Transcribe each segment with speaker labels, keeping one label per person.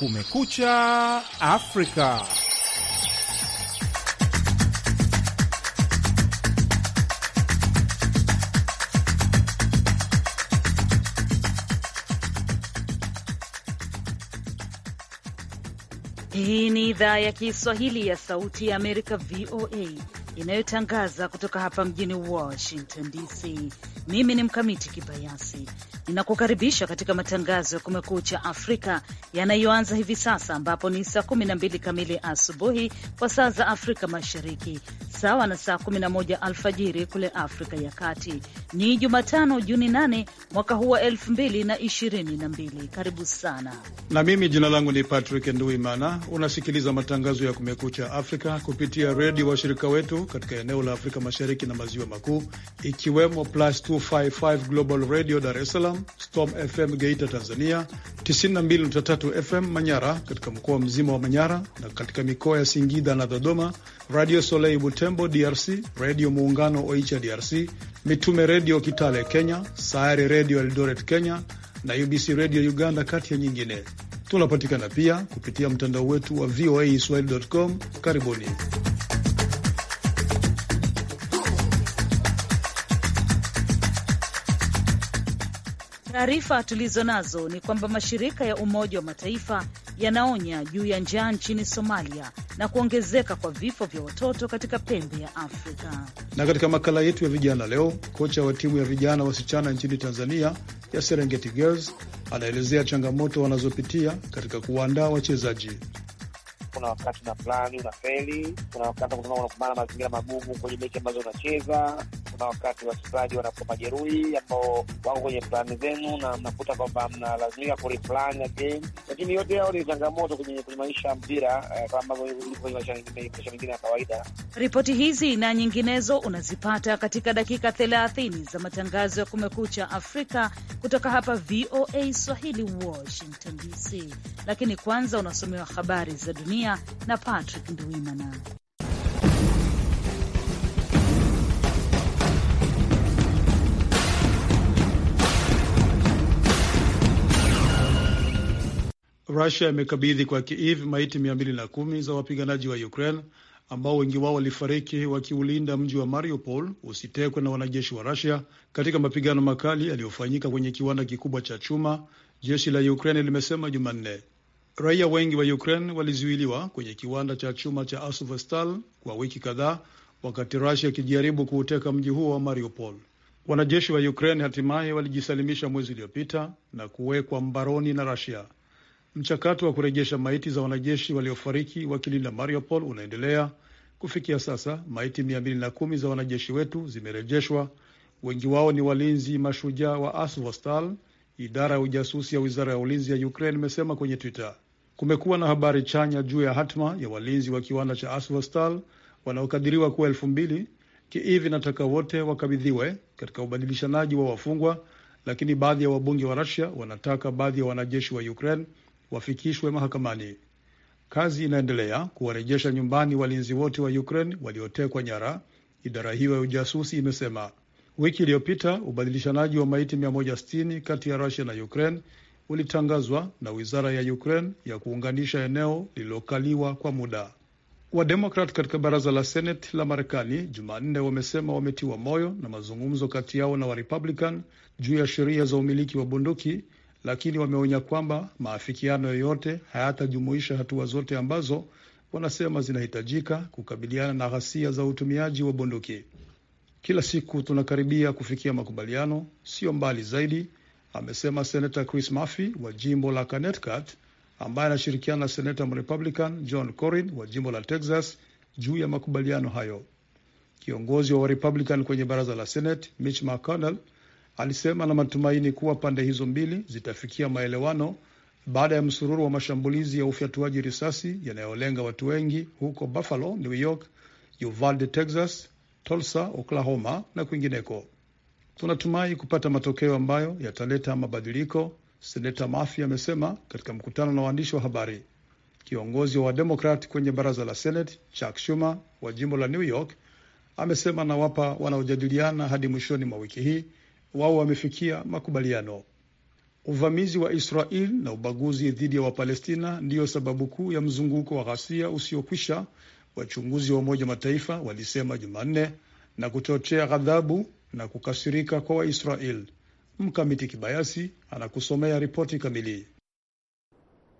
Speaker 1: Kumekucha Afrika.
Speaker 2: Hii ni idhaa ya Kiswahili ya Sauti ya Amerika, VOA, inayotangaza kutoka hapa mjini Washington DC. Mimi ni Mkamiti Kibayasi Ninakukaribisha katika matangazo ya Kumekucha Afrika yanayoanza hivi sasa, ambapo ni saa 12 kamili asubuhi kwa saa za Afrika Mashariki, sawa na saa 11 alfajiri kule Afrika ya Kati. Ni Jumatano, Juni 8 mwaka huu wa 2022. Karibu sana
Speaker 3: na mimi, jina langu ni Patrick Nduimana. Unasikiliza matangazo ya Kumekucha Afrika kupitia redio washirika wetu katika eneo la Afrika Mashariki na Maziwa Makuu, ikiwemo Plus 255 Global Radio Dar es Salaam Salaam, Storm FM Geita Tanzania, 92.3 FM Manyara katika mkoa mzima wa Manyara na katika mikoa ya Singida na Dodoma, Radio Soleil Butembo DRC, Radio Muungano Oicha DRC, Mitume Redio Kitale Kenya, Sayari Redio Eldoret Kenya na UBC Redio Uganda, kati ya nyingine. Tunapatikana pia kupitia mtandao wetu wa VOA Swahili.com. Karibuni.
Speaker 2: Taarifa tulizo nazo ni kwamba mashirika ya Umoja wa Mataifa yanaonya juu ya njaa nchini Somalia na kuongezeka kwa vifo vya watoto katika pembe ya Afrika.
Speaker 3: Na katika makala yetu ya vijana leo, kocha wa timu ya vijana wasichana nchini Tanzania ya Serengeti Girls anaelezea changamoto wanazopitia katika kuwaandaa wachezaji.
Speaker 4: Kuna wakati una plani unafeli, kuna wakati unakumbana mazingira magumu kwenye mechi ambazo unacheza na wakati wachezaji wanakuwa majeruhi ambao wako kwenye plani zenu, na mnakuta kwamba mnalazimika kuriplan again, lakini yote yao ni changamoto kwenye maisha ya mpira eh, kama kwenye maisha mengine ya kawaida.
Speaker 2: Ripoti hizi na nyinginezo unazipata katika dakika 30 za matangazo ya Kumekucha Afrika kutoka hapa VOA Swahili, Washington DC. Lakini kwanza unasomewa habari za dunia na Patrick Nduimana.
Speaker 3: Rusia imekabidhi kwa Kiev maiti kumi za wapiganaji wa Ukraine ambao wengi wao walifariki wakiulinda mji wa Mariupol usitekwe na wanajeshi wa Rusia katika mapigano makali yaliyofanyika kwenye kiwanda kikubwa cha chuma, jeshi la Ukraine limesema Jumanne. Raia wengi wa Ukraine walizuiliwa kwenye kiwanda cha chuma cha Azovstal kwa wiki kadhaa wakati Rusia ikijaribu kuuteka mji huo wa Mariupol. Wanajeshi wa Ukraine hatimaye walijisalimisha mwezi uliopita na kuwekwa mbaroni na Rusia. Mchakato wa kurejesha maiti za wanajeshi waliofariki wakilinda Mariupol unaendelea. Kufikia sasa maiti kumi za wanajeshi wetu zimerejeshwa. Wengi wao ni walinzi mashujaa wa Azovstal, idara ya ujasusi ya wizara ya ulinzi ya Ukraine imesema kwenye Twitter. Kumekuwa na habari chanya juu ya hatma ya walinzi wa kiwanda cha Azovstal wanaokadiriwa kuwa elfu mbili. Kiivi nataka wote wakabidhiwe katika ubadilishanaji wa wafungwa, lakini baadhi ya wabunge wa Rusia wanataka baadhi ya wanajeshi wa Ukraine wafikishwe mahakamani. Kazi inaendelea kuwarejesha nyumbani walinzi wote wa Ukraine waliotekwa nyara, idara hiyo ya ujasusi imesema. Wiki iliyopita ubadilishanaji wa maiti 160 kati ya Rusia na Ukraine ulitangazwa na wizara ya Ukraine ya kuunganisha eneo lililokaliwa kwa muda. Wademokrat katika baraza la seneti la Marekani Jumanne wamesema wametiwa moyo na mazungumzo kati yao na Warepublican juu ya sheria za umiliki wa bunduki lakini wameonya kwamba maafikiano yoyote hayatajumuisha hatua zote ambazo wanasema zinahitajika kukabiliana na ghasia za utumiaji wa bunduki. Kila siku tunakaribia kufikia makubaliano, sio mbali zaidi, amesema Senata Chris Murphy wa jimbo la Connecticut ambaye anashirikiana na senata Mrepublican John Corin wa jimbo la Texas juu ya makubaliano hayo. Kiongozi wa Warepublican kwenye baraza la Senate Mitch McConnell alisema na matumaini kuwa pande hizo mbili zitafikia maelewano baada ya msururu wa mashambulizi ya ufyatuaji risasi yanayolenga watu wengi huko Buffalo, New York, Uvalde, Texas, Tulsa, Oklahoma na kwingineko. Tunatumai kupata matokeo ambayo yataleta mabadiliko, Seneta Murphy amesema katika mkutano na waandishi wa habari. Kiongozi wa Wademokrat kwenye baraza la Senate Chuck Schumer wa jimbo la New York amesema anawapa wanaojadiliana hadi mwishoni mwa wiki hii wao wamefikia makubaliano. Uvamizi wa Israel na ubaguzi dhidi ya Wapalestina ndiyo sababu kuu ya mzunguko wa ghasia usiokwisha, wachunguzi wa Umoja Mataifa walisema Jumanne, na kuchochea ghadhabu na kukasirika kwa Waisrael. Mkamiti Kibayasi anakusomea ripoti kamili.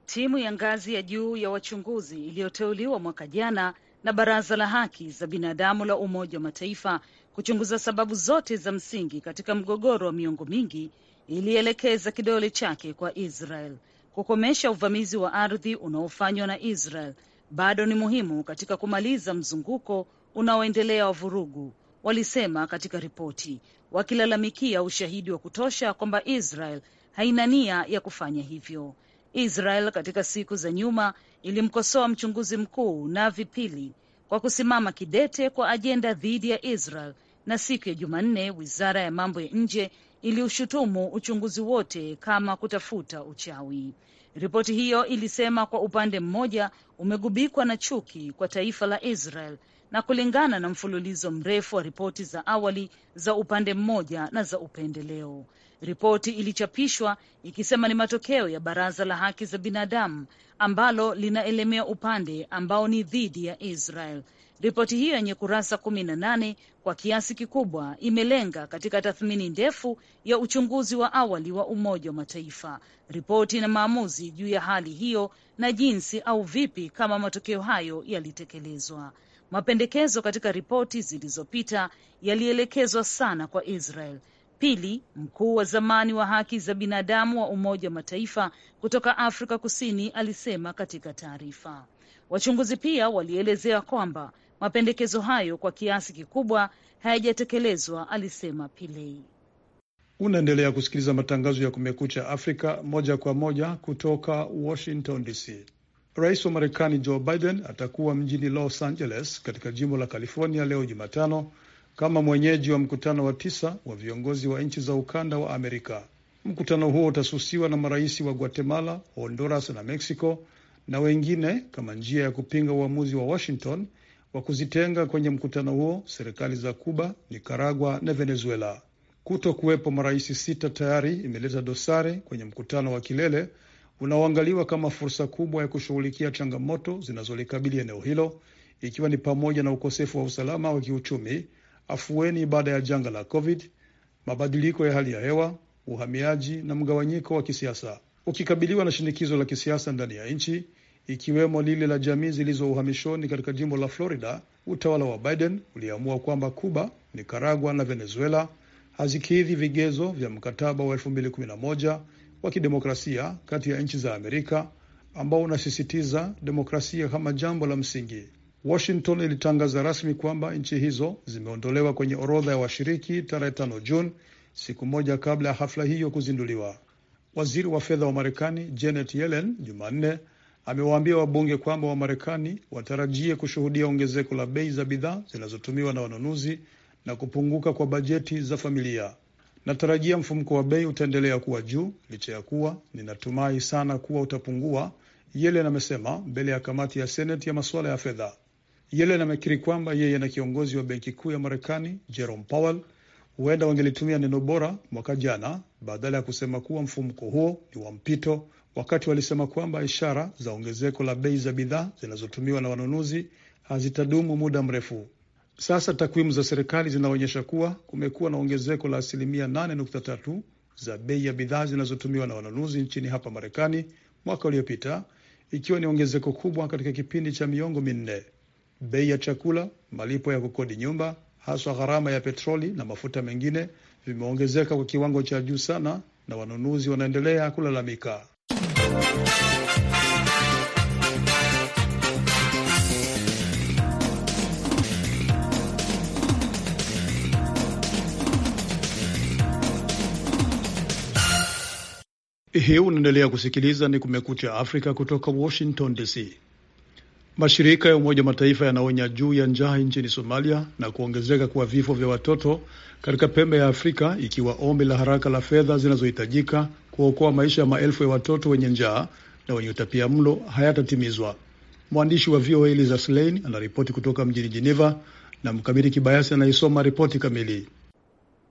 Speaker 2: Timu ya ngazi ya juu ya wachunguzi iliyoteuliwa mwaka jana na Baraza la Haki za Binadamu la Umoja wa Mataifa kuchunguza sababu zote za msingi katika mgogoro wa miongo mingi, ilielekeza kidole chake kwa Israel. Kukomesha uvamizi wa ardhi unaofanywa na Israel bado ni muhimu katika kumaliza mzunguko unaoendelea wa vurugu, walisema katika ripoti, wakilalamikia ushahidi wa kutosha kwamba Israel haina nia ya kufanya hivyo. Israel katika siku za nyuma ilimkosoa mchunguzi mkuu Navi Pillay kwa kusimama kidete kwa ajenda dhidi ya Israel na siku ya Jumanne wizara ya mambo ya nje iliushutumu uchunguzi wote kama kutafuta uchawi. Ripoti hiyo ilisema kwa upande mmoja umegubikwa na chuki kwa taifa la Israel na kulingana na mfululizo mrefu wa ripoti za awali za upande mmoja na za upendeleo. Ripoti ilichapishwa ikisema ni matokeo ya Baraza la Haki za Binadamu ambalo linaelemea upande ambao ni dhidi ya Israel Ripoti hiyo yenye kurasa kumi na nane kwa kiasi kikubwa imelenga katika tathmini ndefu ya uchunguzi wa awali wa Umoja wa Mataifa, ripoti na maamuzi juu ya hali hiyo na jinsi au vipi kama matokeo hayo yalitekelezwa. Mapendekezo katika ripoti zilizopita yalielekezwa sana kwa Israel. Pili, mkuu wa zamani wa haki za binadamu wa Umoja wa Mataifa kutoka Afrika Kusini alisema katika taarifa. Wachunguzi pia walielezea kwamba Mapendekezo hayo kwa kiasi kikubwa hayajatekelezwa, alisema pilei
Speaker 3: Unaendelea kusikiliza matangazo ya Kumekucha Afrika moja kwa moja kutoka Washington DC. Rais wa Marekani Joe Biden atakuwa mjini Los Angeles katika jimbo la California leo Jumatano kama mwenyeji wa mkutano wa tisa wa viongozi wa nchi za ukanda wa Amerika. Mkutano huo utasusiwa na marais wa Guatemala, Honduras na Mexico na wengine kama njia ya kupinga uamuzi wa Washington wa kuzitenga kwenye mkutano huo serikali za kuba nikaragua na Venezuela. Kuto kuwepo marais sita tayari imeleta dosari kwenye mkutano wa kilele unaoangaliwa kama fursa kubwa ya kushughulikia changamoto zinazolikabili eneo hilo ikiwa ni pamoja na ukosefu wa usalama wa kiuchumi, afueni baada ya janga la COVID, mabadiliko ya hali ya hewa, uhamiaji na mgawanyiko wa kisiasa. Ukikabiliwa na shinikizo la kisiasa ndani ya nchi, ikiwemo lile la jamii zilizo uhamishoni katika jimbo la Florida, utawala wa Biden uliamua kwamba Cuba, Nicaragua na Venezuela hazikidhi vigezo vya mkataba wa 2011 wa kidemokrasia kati ya nchi za Amerika ambao unasisitiza demokrasia kama jambo la msingi. Washington ilitangaza rasmi kwamba nchi hizo zimeondolewa kwenye orodha ya washiriki tarehe 5 Juni, siku moja kabla ya hafla hiyo kuzinduliwa. Waziri wa fedha wa Marekani Janet Yellen Jumanne amewaambia wabunge kwamba Wamarekani watarajie kushuhudia ongezeko la bei za bidhaa zinazotumiwa na wanunuzi na kupunguka kwa bajeti za familia. Natarajia mfumko wa bei utaendelea kuwa juu licha ya kuwa ninatumai sana kuwa utapungua, Yelen amesema mbele ya kamati ya Seneti ya masuala ya fedha. Yelen amekiri kwamba yeye na kiongozi wa benki kuu ya Marekani Jerome Powell huenda wangelitumia neno bora mwaka jana badala ya kusema kuwa mfumko huo ni wa mpito wakati walisema kwamba ishara za ongezeko la bei za bidhaa zinazotumiwa na wanunuzi hazitadumu muda mrefu. Sasa takwimu za serikali zinaonyesha kuwa kumekuwa na ongezeko la asilimia 8.3 za bei ya bidhaa zinazotumiwa na wanunuzi nchini hapa Marekani mwaka uliopita, ikiwa ni ongezeko kubwa katika kipindi cha miongo minne. Bei ya chakula, malipo ya kukodi nyumba, haswa gharama ya petroli na mafuta mengine, vimeongezeka kwa kiwango cha juu sana, na wanunuzi wanaendelea kulalamika. Hii unaendelea kusikiliza ni Kumekucha Afrika kutoka Washington DC. Mashirika ya Umoja Mataifa yanaonya juu ya njaa nchini Somalia na kuongezeka kwa vifo vya watoto katika pembe ya Afrika, ikiwa ombi la haraka la fedha zinazohitajika kuokoa maisha ya maelfu ya watoto wenye njaa na wenye utapia mlo hayatatimizwa. Mwandishi wa VOA Eliza Slein anaripoti kutoka mjini Geneva na mkamiri Kibayasi anaisoma ripoti kamili.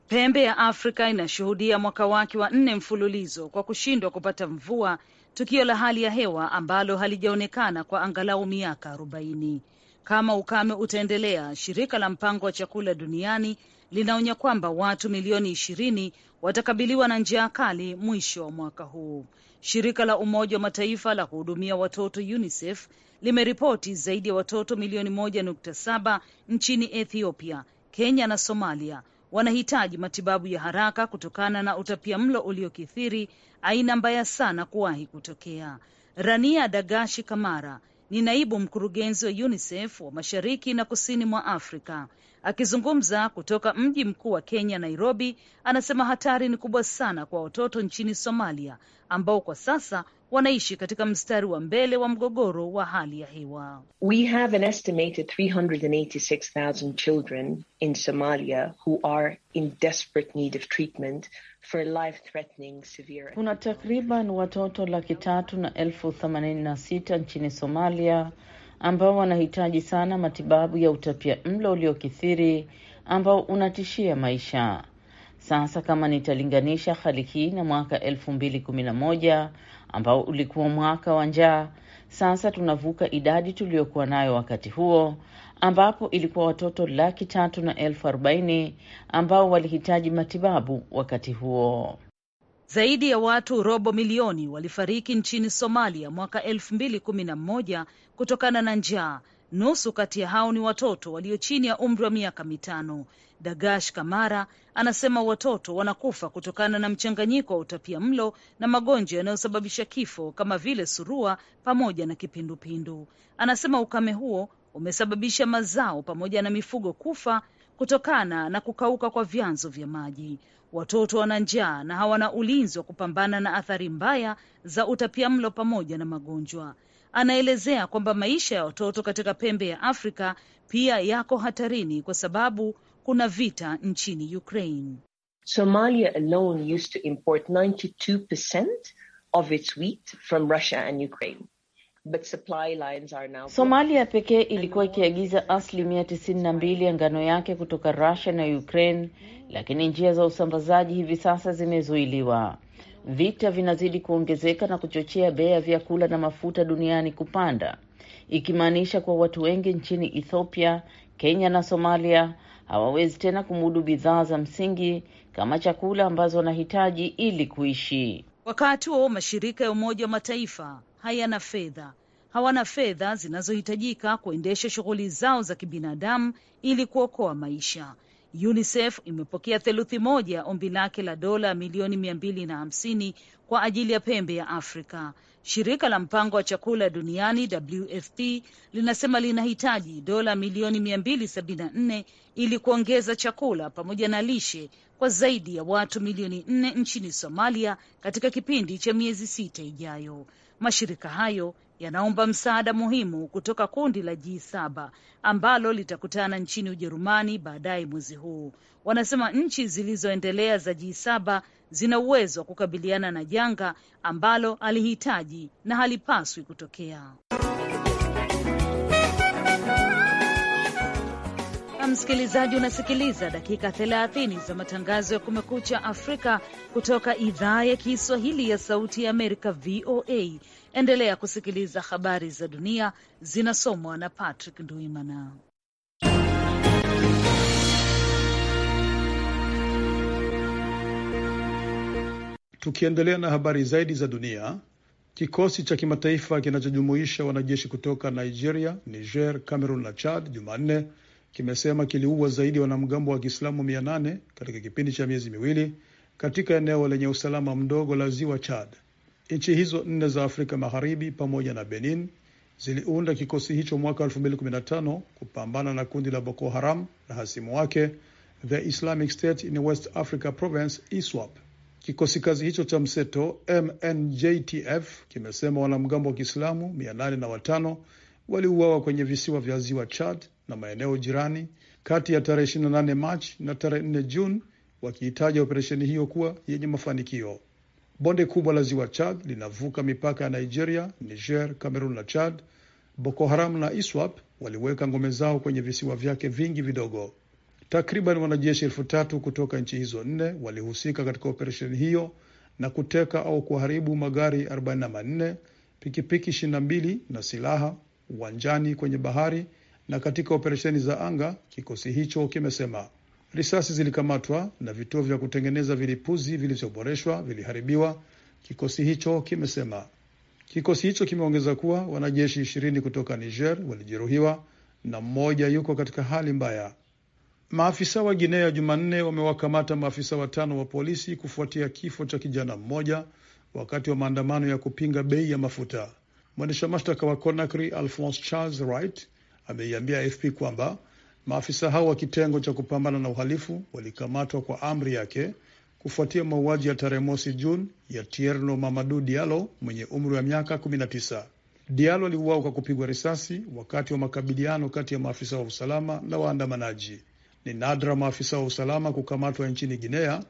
Speaker 2: Pembe ya Afrika inashuhudia mwaka wake wa nne mfululizo kwa kushindwa kupata mvua, tukio la hali ya hewa ambalo halijaonekana kwa angalau miaka arobaini. Kama ukame utaendelea, shirika la mpango wa chakula duniani linaonya kwamba watu milioni ishirini watakabiliwa na njia kali mwisho wa mwaka huu. Shirika la Umoja wa Mataifa la kuhudumia watoto UNICEF limeripoti zaidi ya watoto milioni moja nukta saba nchini Ethiopia, Kenya na Somalia wanahitaji matibabu ya haraka kutokana na utapia mlo uliokithiri, aina mbaya sana kuwahi kutokea. Rania Dagashi Kamara ni naibu mkurugenzi wa UNICEF wa mashariki na kusini mwa Afrika. Akizungumza kutoka mji mkuu wa Kenya, Nairobi, anasema hatari ni kubwa sana kwa watoto nchini Somalia ambao kwa sasa wanaishi katika mstari wa mbele wa mgogoro wa hali ya hewa.
Speaker 5: We have an estimated 386,000 children in Somalia who are in desperate need of treatment for life-threatening severe. Kuna takriban watoto laki tatu na elfu themanini na sita nchini Somalia ambao wanahitaji sana matibabu ya utapia mlo uliokithiri ambao unatishia maisha. Sasa kama nitalinganisha hali hii na mwaka elfu mbili kumi na moja ambao ulikuwa mwaka wa njaa, sasa tunavuka idadi tuliyokuwa nayo wakati huo, ambapo ilikuwa watoto laki tatu na elfu arobaini ambao walihitaji matibabu wakati huo.
Speaker 2: Zaidi ya watu robo milioni walifariki nchini Somalia mwaka elfu kumi na kutokana na njaa. Nusu kati ya hao ni watoto walio chini ya umri wa miaka mitano. Dagash Kamara anasema watoto wanakufa kutokana na mchanganyiko wa utapia mlo na magonjwa yanayosababisha kifo kama vile surua pamoja na kipindupindu. Anasema ukame huo umesababisha mazao pamoja na mifugo kufa kutokana na kukauka kwa vyanzo vya maji watoto wana njaa na hawana ulinzi wa kupambana na athari mbaya za utapiamlo pamoja na magonjwa. Anaelezea kwamba maisha ya watoto katika pembe ya Afrika pia yako hatarini kwa sababu kuna vita nchini Ukraine.
Speaker 5: Somalia alone used to import 92% of its wheat from Russia and Ukraine. But supply lines are now... Somalia pekee ilikuwa ikiagiza asilimia tisini na mbili ya ngano yake kutoka Russia na Ukraine, lakini njia za usambazaji hivi sasa zimezuiliwa. Vita vinazidi kuongezeka na kuchochea bei ya vyakula na mafuta duniani kupanda, ikimaanisha kuwa watu wengi nchini Ethiopia, Kenya na Somalia hawawezi tena kumudu bidhaa za msingi kama chakula ambazo wanahitaji ili kuishi.
Speaker 2: Wakati huo mashirika ya Umoja wa Mataifa hayana fedha, hawana fedha zinazohitajika kuendesha shughuli zao za kibinadamu ili kuokoa maisha. UNICEF imepokea theluthi moja ombi lake la dola milioni mia mbili na hamsini kwa ajili ya pembe ya Afrika. Shirika la mpango wa chakula duniani WFP linasema linahitaji dola milioni 274 ili kuongeza chakula pamoja na lishe kwa zaidi ya watu milioni nne nchini Somalia katika kipindi cha miezi sita ijayo. Mashirika hayo yanaomba msaada muhimu kutoka kundi la G7 ambalo litakutana nchini Ujerumani baadaye mwezi huu. Wanasema nchi zilizoendelea za G7 zina uwezo wa kukabiliana na janga ambalo halihitaji na halipaswi kutokea. msikilizaji, unasikiliza dakika 30 za matangazo ya Kumekucha Afrika kutoka idhaa ya Kiswahili ya Sauti ya Amerika, VOA. Endelea kusikiliza habari za dunia zinasomwa na Patrick Nduimana.
Speaker 3: Tukiendelea na habari zaidi za dunia, kikosi cha kimataifa kinachojumuisha wanajeshi kutoka Nigeria, Niger, Cameroon na Chad Jumanne kimesema kiliua zaidi ya wanamgambo wa Kiislamu mia nane katika kipindi cha miezi miwili katika eneo lenye usalama mdogo la ziwa Chad. Nchi hizo nne za Afrika Magharibi pamoja na Benin ziliunda kikosi hicho mwaka 2015 kupambana na kundi la Boko Haram na hasimu wake The Islamic State in West Africa Province ISWAP. Kikosi kazi hicho cha mseto MNJTF kimesema wanamgambo wa Kiislamu 805 waliuawa kwenye visiwa vya ziwa Chad na maeneo jirani kati ya tarehe 28 Machi na tarehe 4 Juni, wakiitaja operesheni hiyo kuwa yenye mafanikio. Bonde kubwa la ziwa Chad linavuka mipaka ya Nigeria, Niger, Cameroon na Chad. Boko Haram na ISWAP waliweka ngome zao kwenye visiwa vyake vingi vidogo. Takriban wanajeshi elfu tatu kutoka nchi hizo nne walihusika katika operesheni hiyo na kuteka au kuharibu magari 44, pikipiki 22 na silaha uwanjani, kwenye bahari na katika operesheni za anga, kikosi hicho kimesema. Risasi zilikamatwa na vituo vya kutengeneza vilipuzi vilivyoboreshwa viliharibiwa, kikosi hicho kimesema. Kikosi hicho kimeongeza kuwa wanajeshi ishirini kutoka Niger walijeruhiwa na mmoja yuko katika hali mbaya. Maafisa wa Guinea Jumanne wamewakamata maafisa watano wa polisi kufuatia kifo cha kijana mmoja wakati wa maandamano ya kupinga bei ya mafuta. Mwendesha mashtaka wa Conakry Alphonse Charles Wright ameiambia AFP kwamba maafisa hao wa kitengo cha kupambana na uhalifu walikamatwa kwa amri yake kufuatia mauaji ya tarehe mosi Juni ya Tierno Mamadu Diallo mwenye umri wa miaka 19. Diallo aliuawa kwa kupigwa risasi wakati wa makabiliano kati ya maafisa wa usalama na waandamanaji. Ni nadra maafisa wa usalama kukamatwa nchini Guinea,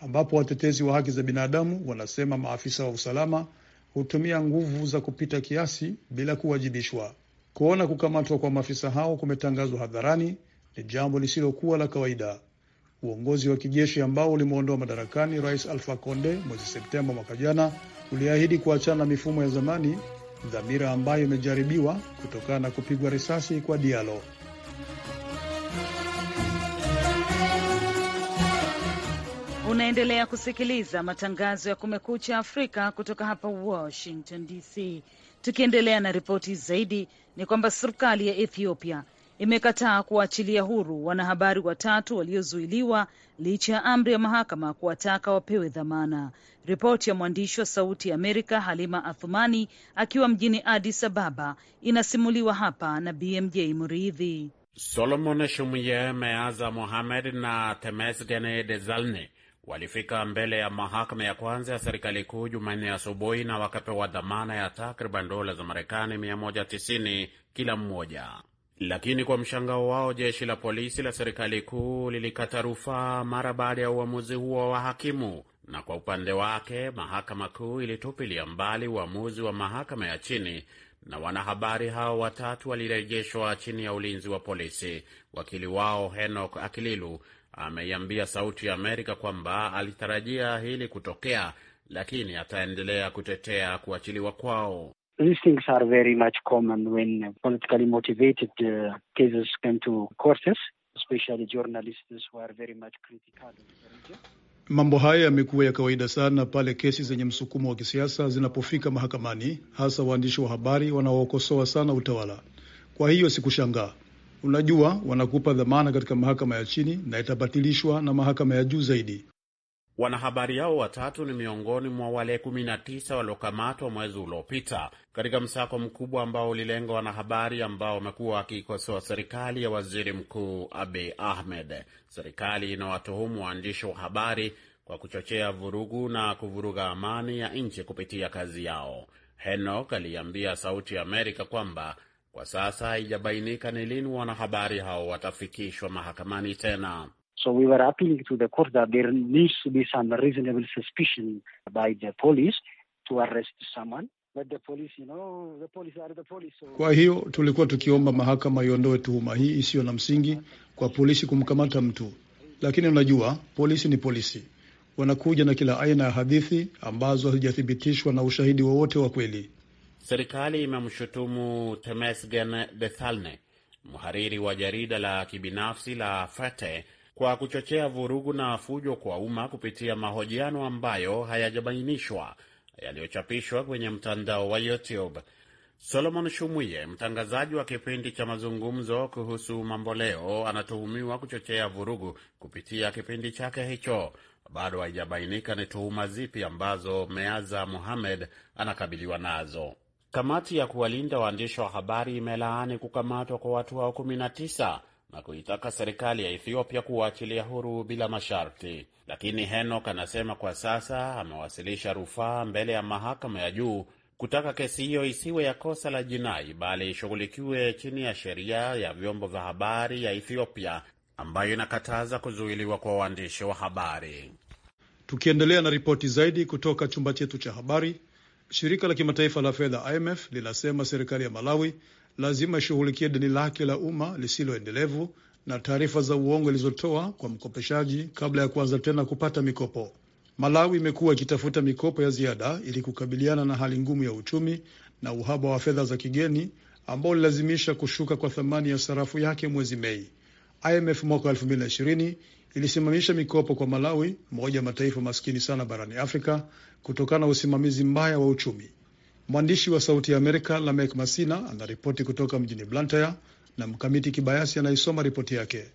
Speaker 3: ambapo watetezi wa haki za binadamu wanasema maafisa wa usalama hutumia nguvu za kupita kiasi bila kuwajibishwa. Kuona kukamatwa kwa maafisa hao kumetangazwa hadharani ni jambo lisilokuwa la kawaida. Uongozi wa kijeshi ambao ulimwondoa madarakani rais Alfa Conde mwezi Septemba mwaka jana uliahidi kuachana na mifumo ya zamani, dhamira ambayo imejaribiwa kutokana na kupigwa risasi kwa Dialo.
Speaker 2: Unaendelea kusikiliza matangazo ya Kumekucha Afrika kutoka hapa Washington DC. Tukiendelea na ripoti zaidi, ni kwamba serikali ya Ethiopia imekataa kuwaachilia huru wanahabari watatu waliozuiliwa licha ya amri ya mahakama kuwataka wapewe dhamana. Ripoti ya mwandishi wa Sauti ya Amerika Halima Athumani akiwa mjini Addis Ababa inasimuliwa hapa na BMJ Muridhi.
Speaker 1: Solomon Shumuye, Meaza Mohamed na Temesgene Dezalne walifika mbele ya mahakama ya kwanza ya serikali kuu Jumanne asubuhi na wakapewa dhamana ya takriban dola za Marekani 190 kila mmoja. Lakini kwa mshangao wao, jeshi la polisi la serikali kuu lilikata rufaa mara baada ya uamuzi huo wa hakimu, na kwa upande wake mahakama kuu ilitupilia mbali uamuzi wa mahakama ya chini na wanahabari hao watatu walirejeshwa chini ya ulinzi wa polisi. Wakili wao Henok Akililu ameiambia Sauti ya Amerika kwamba alitarajia hili kutokea, lakini ataendelea kutetea kuachiliwa kwao.
Speaker 4: These things are very much common when politically motivated uh, cases come to courts, especially journalists who are very much critical.
Speaker 3: Mambo haya yamekuwa ya kawaida sana pale kesi zenye msukumo wa kisiasa zinapofika mahakamani, hasa waandishi wa habari wanaokosoa sana utawala. Kwa hiyo sikushangaa Unajua, wanakupa dhamana katika mahakama ya chini na itabatilishwa na mahakama ya juu zaidi.
Speaker 1: Wanahabari hao watatu ni miongoni mwa wale 19 waliokamatwa mwezi uliopita katika msako mkubwa ambao ulilenga wanahabari ambao wamekuwa wakiikosoa serikali ya waziri mkuu abi Ahmed. Serikali inawatuhumu waandishi wa habari kwa kuchochea vurugu na kuvuruga amani ya nchi kupitia kazi yao. Henok aliambia Sauti ya Amerika kwamba kwa sasa haijabainika ni lini wanahabari hao watafikishwa mahakamani tena.
Speaker 4: So we were appealing to the court that there needs to be some reasonable suspicion by the police to
Speaker 1: arrest someone.
Speaker 4: you
Speaker 2: know, so...
Speaker 3: Kwa hiyo tulikuwa tukiomba mahakama iondoe tuhuma hii isiyo na msingi kwa polisi kumkamata mtu, lakini unajua polisi ni polisi, wanakuja na kila aina ya hadithi ambazo hazijathibitishwa na ushahidi wowote wa kweli.
Speaker 1: Serikali imemshutumu Temesgen Dethalne, mhariri wa jarida la kibinafsi la Fete, kwa kuchochea vurugu na fujo kwa umma kupitia mahojiano ambayo hayajabainishwa yaliyochapishwa kwenye mtandao wa YouTube. Solomon Shumuye, mtangazaji wa kipindi cha mazungumzo kuhusu mamboleo, anatuhumiwa kuchochea vurugu kupitia kipindi chake hicho. Bado haijabainika ni tuhuma zipi ambazo Meaza Mohamed anakabiliwa nazo. Kamati ya kuwalinda waandishi wa habari imelaani kukamatwa kwa watu hao 19 na kuitaka serikali ya Ethiopia kuwaachilia huru bila masharti. Lakini Henok anasema kwa sasa amewasilisha rufaa mbele ya mahakama ya juu kutaka kesi hiyo isiwe ya kosa la jinai bali ishughulikiwe chini ya sheria ya vyombo vya habari ya Ethiopia ambayo inakataza kuzuiliwa kwa waandishi wa habari.
Speaker 3: Tukiendelea na ripoti zaidi kutoka chumba chetu cha habari, Shirika la kimataifa la fedha IMF linasema serikali ya Malawi lazima ishughulikie deni lake la umma lisiloendelevu na taarifa za uongo ilizotoa kwa mkopeshaji kabla ya kuanza tena kupata mikopo. Malawi imekuwa ikitafuta mikopo ya ziada ili kukabiliana na hali ngumu ya uchumi na uhaba wa fedha za kigeni ambao ulilazimisha kushuka kwa thamani ya sarafu yake mwezi Mei. IMF mwaka 2020 ilisimamisha mikopo kwa Malawi, moja ya mataifa maskini sana barani Afrika, kutokana na usimamizi mbaya wa uchumi. Mwandishi wa Sauti ya Amerika Lamek Masina anaripoti kutoka mjini Blantyre na Mkamiti Kibayasi anaisoma ripoti yake.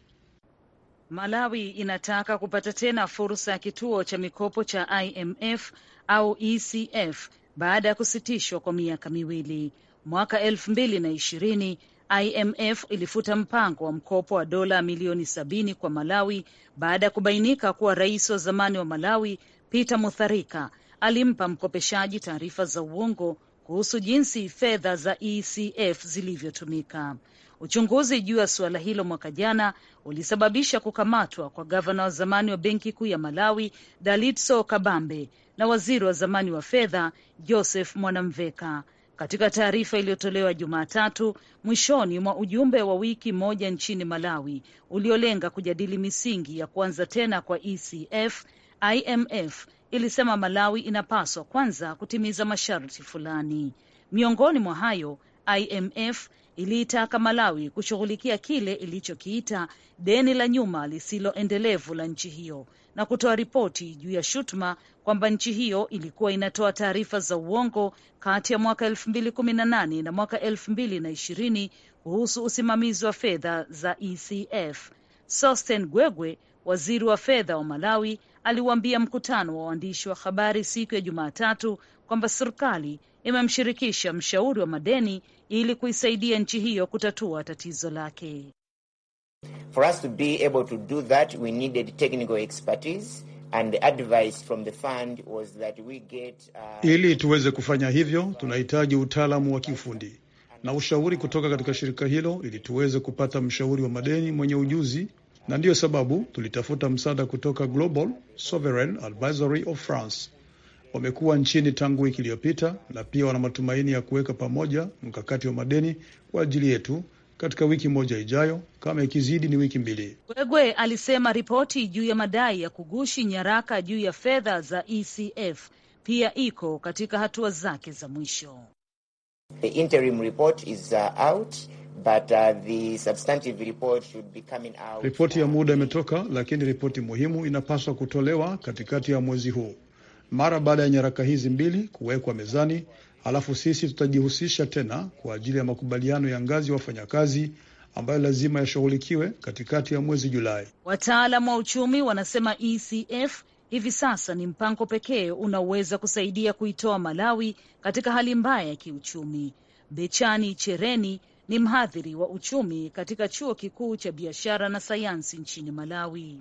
Speaker 2: Malawi inataka kupata tena fursa ya kituo cha mikopo cha IMF au ECF baada ya kusitishwa kwa miaka miwili. Mwaka elfu mbili na ishirini IMF ilifuta mpango wa mkopo wa dola milioni sabini kwa Malawi baada ya kubainika kuwa rais wa zamani wa Malawi Peter Mutharika alimpa mkopeshaji taarifa za uongo kuhusu jinsi fedha za ECF zilivyotumika. Uchunguzi juu ya suala hilo mwaka jana ulisababisha kukamatwa kwa gavana wa zamani wa benki kuu ya Malawi Dalitso Kabambe na waziri wa zamani wa fedha Joseph Mwanamveka. Katika taarifa iliyotolewa Jumatatu mwishoni mwa ujumbe wa wiki moja nchini Malawi uliolenga kujadili misingi ya kuanza tena kwa ECF, IMF ilisema Malawi inapaswa kwanza kutimiza masharti fulani. Miongoni mwa hayo, IMF iliitaka Malawi kushughulikia kile ilichokiita deni la nyuma lisilo endelevu la nchi hiyo na kutoa ripoti juu ya shutuma kwamba nchi hiyo ilikuwa inatoa taarifa za uongo kati ya mwaka 2018 na mwaka 2020 kuhusu usimamizi wa fedha za ECF. Sosten Gwegwe, waziri wa fedha wa Malawi, aliuambia mkutano wa waandishi wa habari siku ya Jumatatu kwamba serikali imemshirikisha mshauri wa madeni ili kuisaidia nchi hiyo kutatua tatizo lake.
Speaker 4: For us to be able to do that, we needed technical expertise. And the advice from the fund was that we get, uh... ili
Speaker 3: tuweze kufanya hivyo tunahitaji utaalamu wa kiufundi na ushauri kutoka katika shirika hilo ili tuweze kupata mshauri wa madeni mwenye ujuzi na ndiyo sababu tulitafuta msaada kutoka Global Sovereign Advisory of France. Wamekuwa nchini tangu wiki iliyopita na pia wana matumaini ya kuweka pamoja mkakati wa madeni kwa ajili yetu katika wiki moja ijayo, kama ikizidi ni wiki mbili.
Speaker 2: Gwegwe alisema ripoti juu ya madai ya kugushi nyaraka juu ya fedha za ECF pia iko katika hatua zake za mwisho.
Speaker 4: The interim report is, uh, out. Uh, ripoti
Speaker 3: ya uh, muda imetoka, lakini ripoti muhimu inapaswa kutolewa katikati ya mwezi huu, mara baada ya nyaraka hizi mbili kuwekwa mezani. Halafu sisi tutajihusisha tena kwa ajili ya makubaliano ya ngazi ya wafanyakazi ambayo lazima yashughulikiwe katikati ya mwezi Julai.
Speaker 2: Wataalamu wa uchumi wanasema ECF hivi sasa ni mpango pekee unaoweza kusaidia kuitoa Malawi katika hali mbaya ya kiuchumi. Bechani Chereni ni mhadhiri wa uchumi katika chuo kikuu cha biashara na sayansi nchini Malawi.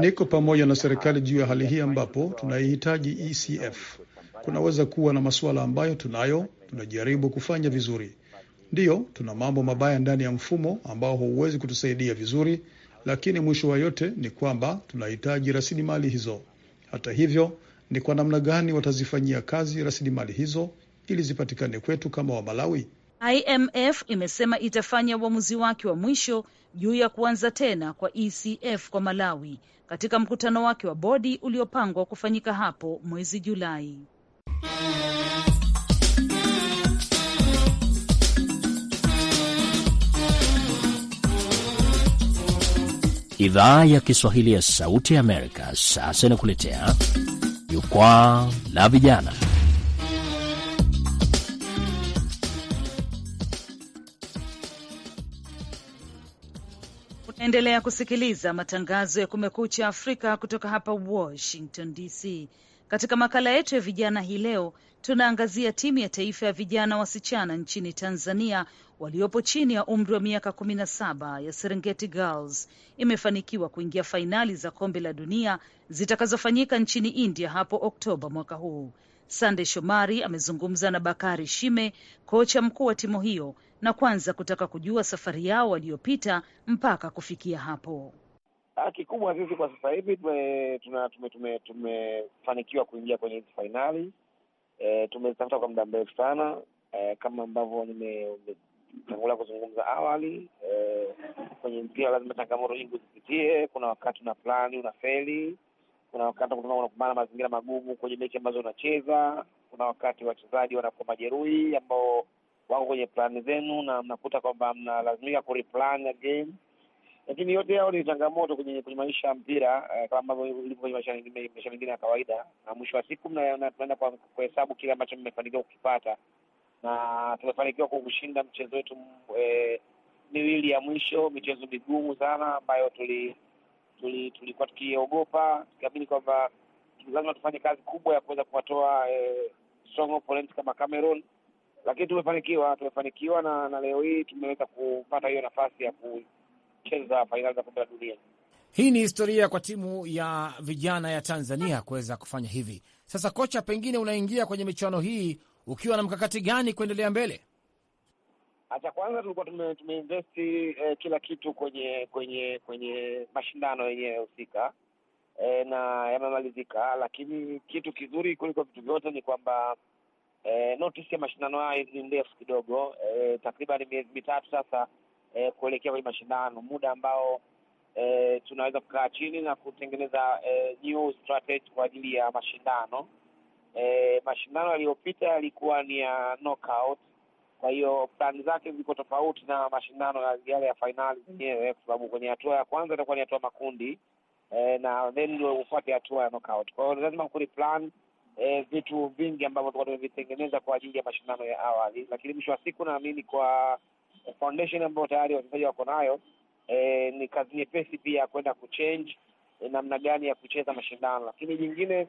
Speaker 3: Niko pamoja na serikali juu ya hali hii ambapo tunaihitaji ECF. Kunaweza kuwa na masuala ambayo tunayo, tunajaribu kufanya vizuri. Ndiyo, tuna mambo mabaya ndani ya mfumo ambao hauwezi kutusaidia vizuri, lakini mwisho wa yote ni kwamba tunahitaji rasilimali hizo. Hata hivyo ni kwa namna gani watazifanyia kazi rasilimali hizo ili zipatikane kwetu kama Malawi.
Speaker 2: IMF imesema itafanya uamuzi wake wa mwisho juu ya kuanza tena kwa ECF kwa Malawi katika mkutano wake wa bodi uliopangwa kufanyika hapo mwezi Julai.
Speaker 4: Idhaa ya Kiswahili ya Sauti ya Amerika sasa inakuletea Jukwaa la Vijana.
Speaker 2: Unaendelea kusikiliza matangazo ya Kumekucha Afrika kutoka hapa Washington DC. Katika makala yetu ya vijana hii leo tunaangazia timu ya taifa ya vijana wasichana nchini Tanzania waliopo chini ya umri wa miaka 17 ya Serengeti Girls imefanikiwa kuingia fainali za kombe la dunia zitakazofanyika nchini India hapo Oktoba mwaka huu. Sande Shomari amezungumza na Bakari Shime, kocha mkuu wa timu hiyo, na kwanza kutaka kujua safari yao waliyopita mpaka kufikia hapo.
Speaker 4: Ah, kikubwa sisi kwa sasa hivi tumefanikiwa tume, tume, tume kuingia kwenye hizi fainali e, eh, tumezitafuta kwa muda mrefu sana e, kama ambavyo nimetangulia kuzungumza awali e, kwenye mpira lazima changamoto nyingi uzipitie. Kuna wakati una plani unafeli, kuna wakati unakumbana mazingira magumu kwenye mechi ambazo unacheza, kuna wakati wachezaji wanakuwa majeruhi ambao wako kwenye plani zenu na mnakuta kwamba mnalazimika kuriplan again lakini yote yao ni changamoto kwenye kwenye maisha ya mpira eh, kama ambavyo ilivyo kwenye maisha mengine ya kawaida, na mwisho wa siku tunaenda kuhesabu kile ambacho mmefanikiwa kukipata, na tumefanikiwa kushinda mchezo wetu eh, miwili ya mwisho, michezo migumu sana ambayo tuli tulikuwa tukiogopa, tukiamini kwamba lazima tufanye kazi kubwa ya kuweza kuwatoa eh, strong opponent kama Cameroon, lakini tumefanikiwa tumefanikiwa na, na leo hii tumeweza kupata hiyo nafasi ya ku kucheza fainali za kombe la dunia. Hii ni historia kwa timu ya vijana ya Tanzania kuweza kufanya hivi. Sasa kocha, pengine unaingia kwenye michuano hii ukiwa na mkakati gani
Speaker 3: kuendelea mbele?
Speaker 4: Hata kwanza, tulikuwa tume, tumeinvesti eh, kila kitu kwenye kwenye kwenye mashindano yenyewe husika eh, na yamemalizika, lakini kitu kizuri kuliko vitu vyote ni kwamba eh, notisi ya mashindano hayo ni ndefu kidogo eh, takriban miezi mitatu sasa e, kuelekea kwenye mashindano, muda ambao e, tunaweza kukaa chini na kutengeneza e, new strategy kwa ajili ya mashindano. E, mashindano yaliyopita yalikuwa ni ya knockout, kwa hiyo plan zake ziko tofauti na mashindano yale ya fainali zenyewe, kwa sababu kwenye hatua ya kwanza itakuwa ni hatua makundi e, na then ndio ufuate hatua ya knockout. Kwa hiyo lazima kuli plan e, vitu vingi ambavyo tulikuwa tumevitengeneza kwa ajili ya mashindano ya awali, lakini mwisho wa siku naamini kwa foundation ambayo tayari wachezaji wako nayo e, ni kazi nyepesi pia ya kwenda kuchange e, namna gani ya kucheza mashindano, lakini jingine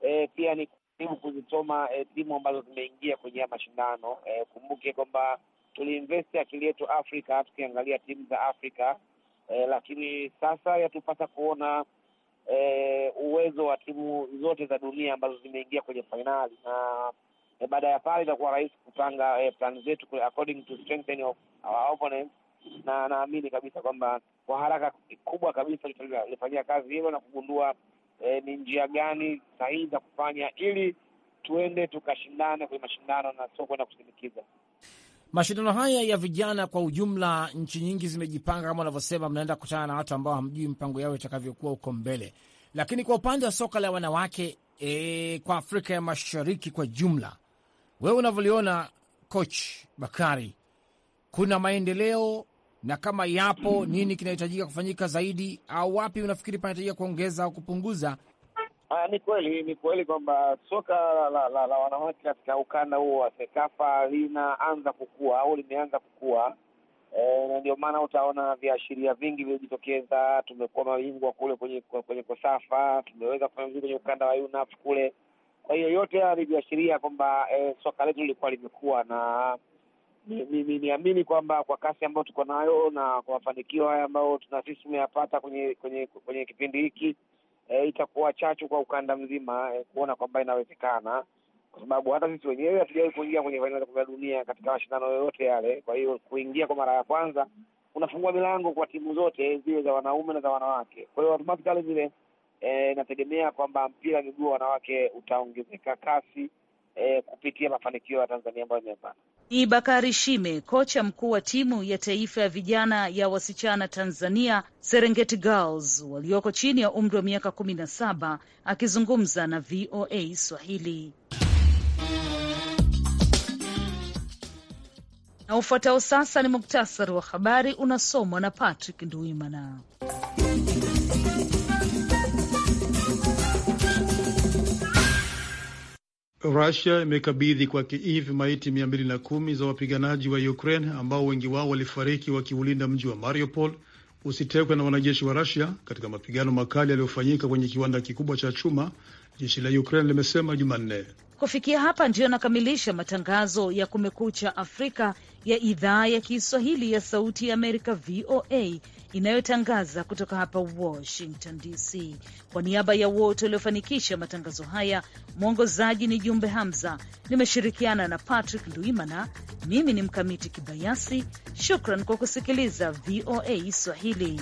Speaker 4: e, pia ni kujaribu kuzisoma e, timu ambazo zimeingia kwenye ya mashindano. E, kumbuke kwamba tuliinvesti akili yetu Afrika tukiangalia timu za Afrika e, lakini sasa yatupasa kuona e, uwezo wa timu zote za dunia ambazo zimeingia kwenye fainali na Eh, baada ya pale itakuwa rahisi kupanga e, eh, plan zetu according to strength of our opponent, na naamini kabisa kwamba kwa haraka kubwa kabisa tulifanyia kazi hilo na kugundua e, ni njia gani sahihi za kufanya ili tuende tukashindane kwenye mashindano na sio kwenda kusindikiza mashindano haya ya vijana kwa ujumla. Nchi nyingi zimejipanga kama unavyosema, mnaenda kukutana na watu ambao hamjui mpango yao itakavyokuwa huko mbele, lakini kwa upande wa soka la wanawake e, kwa Afrika ya Mashariki kwa jumla wewe unavyoliona Coach Bakari, kuna maendeleo na kama yapo, nini kinahitajika kufanyika zaidi, au wapi unafikiri panahitajika kuongeza au kupunguza? Aa, ah, ni kweli ni kweli kwamba soka la, la, la, la wanawake katika ukanda huo wa SEKAFA linaanza kukua au limeanza kukua eh, na e, ndio maana utaona viashiria vingi vimejitokeza. Tumekuwa mabingwa kule kwenye kwenye KOSAFA, tumeweza kufanya vizuri kwenye ukanda wa UNAF kule kwa hiyo yote haya alivyoashiria kwamba eh, soka letu lilikuwa limekuwa na niamini ni kwamba kwa kasi ambayo tuko nayo na kwa mafanikio haya ambayo tuna sisi tumeyapata kwenye kwenye kwenye kipindi hiki e, itakuwa chachu kwa ukanda mzima e, kuona kwamba inawezekana, kwa sababu hata sisi wenyewe hatujawahi kuingia kwenye fainali za kombe la dunia katika mashindano yoyote yale. Kwa hiyo kuingia kwa mara ya kwanza unafungua milango kwa timu zote zile za wanaume na za wanawake. Kwa hiyo automatically zile E, inategemea e, kwamba mpira miguu wanawake utaongezeka kasi e, kupitia mafanikio ya Tanzania ambayo imepata.
Speaker 2: bakari Shime, kocha mkuu wa timu ya taifa ya vijana ya wasichana Tanzania Serengeti Girls walioko chini ya umri wa miaka kumi na saba, akizungumza na VOA Swahili. Na ufuatao sasa ni muktasari wa habari unasomwa na Patrick Nduimana.
Speaker 3: Rusia imekabidhi kwa Kiev maiti mia mbili na kumi za wapiganaji wa Ukraine ambao wengi wao walifariki wakiulinda mji wa Mariupol usitekwe na wanajeshi wa Rusia katika mapigano makali yaliyofanyika kwenye kiwanda kikubwa cha chuma, jeshi la Ukraine limesema Jumanne.
Speaker 2: Kufikia hapa ndiyo nakamilisha matangazo ya Kumekucha Afrika ya idhaa ya Kiswahili ya Sauti ya Amerika, VOA inayotangaza kutoka hapa Washington DC. Kwa niaba ya wote waliofanikisha matangazo haya, mwongozaji ni Jumbe Hamza, nimeshirikiana na Patrick Nduimana. Mimi ni Mkamiti Kibayasi. Shukran kwa kusikiliza VOA Swahili.